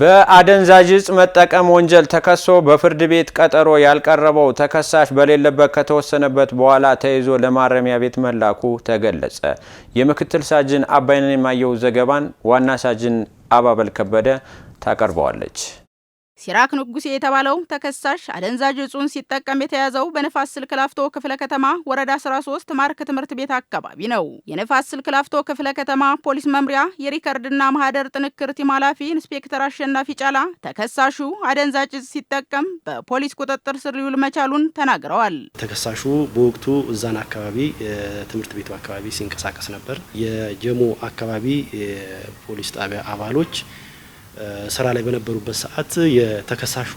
በአደንዛዥ እጽ መጠቀም ወንጀል ተከሶ በፍርድ ቤት ቀጠሮ ያልቀረበው ተከሳሽ በሌለበት ከተወሰነበት በኋላ ተይዞ ለማረሚያ ቤት መላኩ ተገለጸ። የምክትል ሳጅን አባይነን የማየው ዘገባን ዋና ሳጅን አባበል ከበደ ታቀርበዋለች። ሲራክ ንጉሴ የተባለው ተከሳሽ አደንዛዥ እጹን ሲጠቀም የተያዘው በንፋስ ስልክ ላፍቶ ክፍለ ከተማ ወረዳ 13 ማርክ ትምህርት ቤት አካባቢ ነው። የንፋስ ስልክ ላፍቶ ክፍለ ከተማ ፖሊስ መምሪያ የሪከርድና ማህደር ጥንክር ቲም ኃላፊ ኢንስፔክተር አሸናፊ ጫላ ተከሳሹ አደንዛዥ እጽ ሲጠቀም በፖሊስ ቁጥጥር ስር ሊውል መቻሉን ተናግረዋል። ተከሳሹ በወቅቱ እዛን አካባቢ ትምህርት ቤቱ አካባቢ ሲንቀሳቀስ ነበር። የጀሞ አካባቢ የፖሊስ ጣቢያ አባሎች ስራ ላይ በነበሩበት ሰዓት የተከሳሹ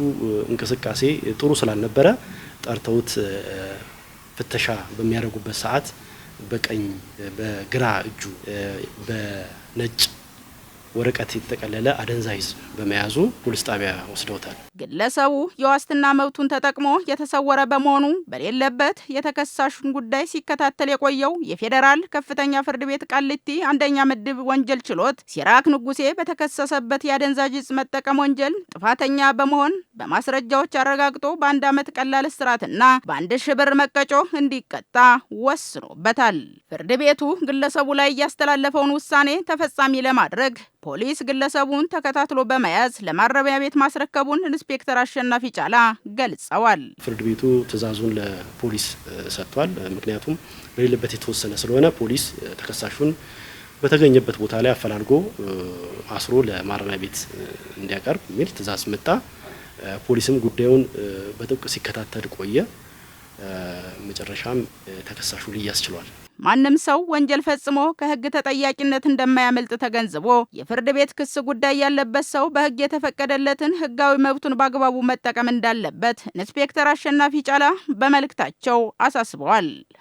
እንቅስቃሴ ጥሩ ስላልነበረ ጠርተውት ፍተሻ በሚያደርጉበት ሰዓት በቀኝ በግራ እጁ በነጭ ወረቀት የተጠቀለለ አደንዛዥ በመያዙ ፖሊስ ጣቢያ ወስደውታል። ግለሰቡ የዋስትና መብቱን ተጠቅሞ የተሰወረ በመሆኑ በሌለበት የተከሳሹን ጉዳይ ሲከታተል የቆየው የፌዴራል ከፍተኛ ፍርድ ቤት ቃሊቲ አንደኛ ምድብ ወንጀል ችሎት ሲራክ ንጉሴ በተከሰሰበት የአደንዛዥ እጽ መጠቀም ወንጀል ጥፋተኛ በመሆን በማስረጃዎች አረጋግጦ በአንድ ዓመት ቀላል እስራትና በአንድ ሺህ ብር መቀጮ እንዲቀጣ ወስኖበታል። ፍርድ ቤቱ ግለሰቡ ላይ ያስተላለፈውን ውሳኔ ተፈጻሚ ለማድረግ ፖሊስ ግለሰቡን ተከታትሎ በመያዝ ለማረሚያ ቤት ማስረከቡን ኢንስፔክተር አሸናፊ ጫላ ገልጸዋል። ፍርድ ቤቱ ትዕዛዙን ለፖሊስ ሰጥቷል። ምክንያቱም በሌለበት የተወሰነ ስለሆነ ፖሊስ ተከሳሹን በተገኘበት ቦታ ላይ አፈላልጎ አስሮ ለማረሚያ ቤት እንዲያቀርብ የሚል ትዕዛዝ መጣ። ፖሊስም ጉዳዩን በጥብቅ ሲከታተል ቆየ። መጨረሻም ተከሳሹ ሊያዝ ማንም ሰው ወንጀል ፈጽሞ ከህግ ተጠያቂነት እንደማያመልጥ ተገንዝቦ የፍርድ ቤት ክስ ጉዳይ ያለበት ሰው በህግ የተፈቀደለትን ህጋዊ መብቱን በአግባቡ መጠቀም እንዳለበት ኢንስፔክተር አሸናፊ ጫላ በመልእክታቸው አሳስበዋል።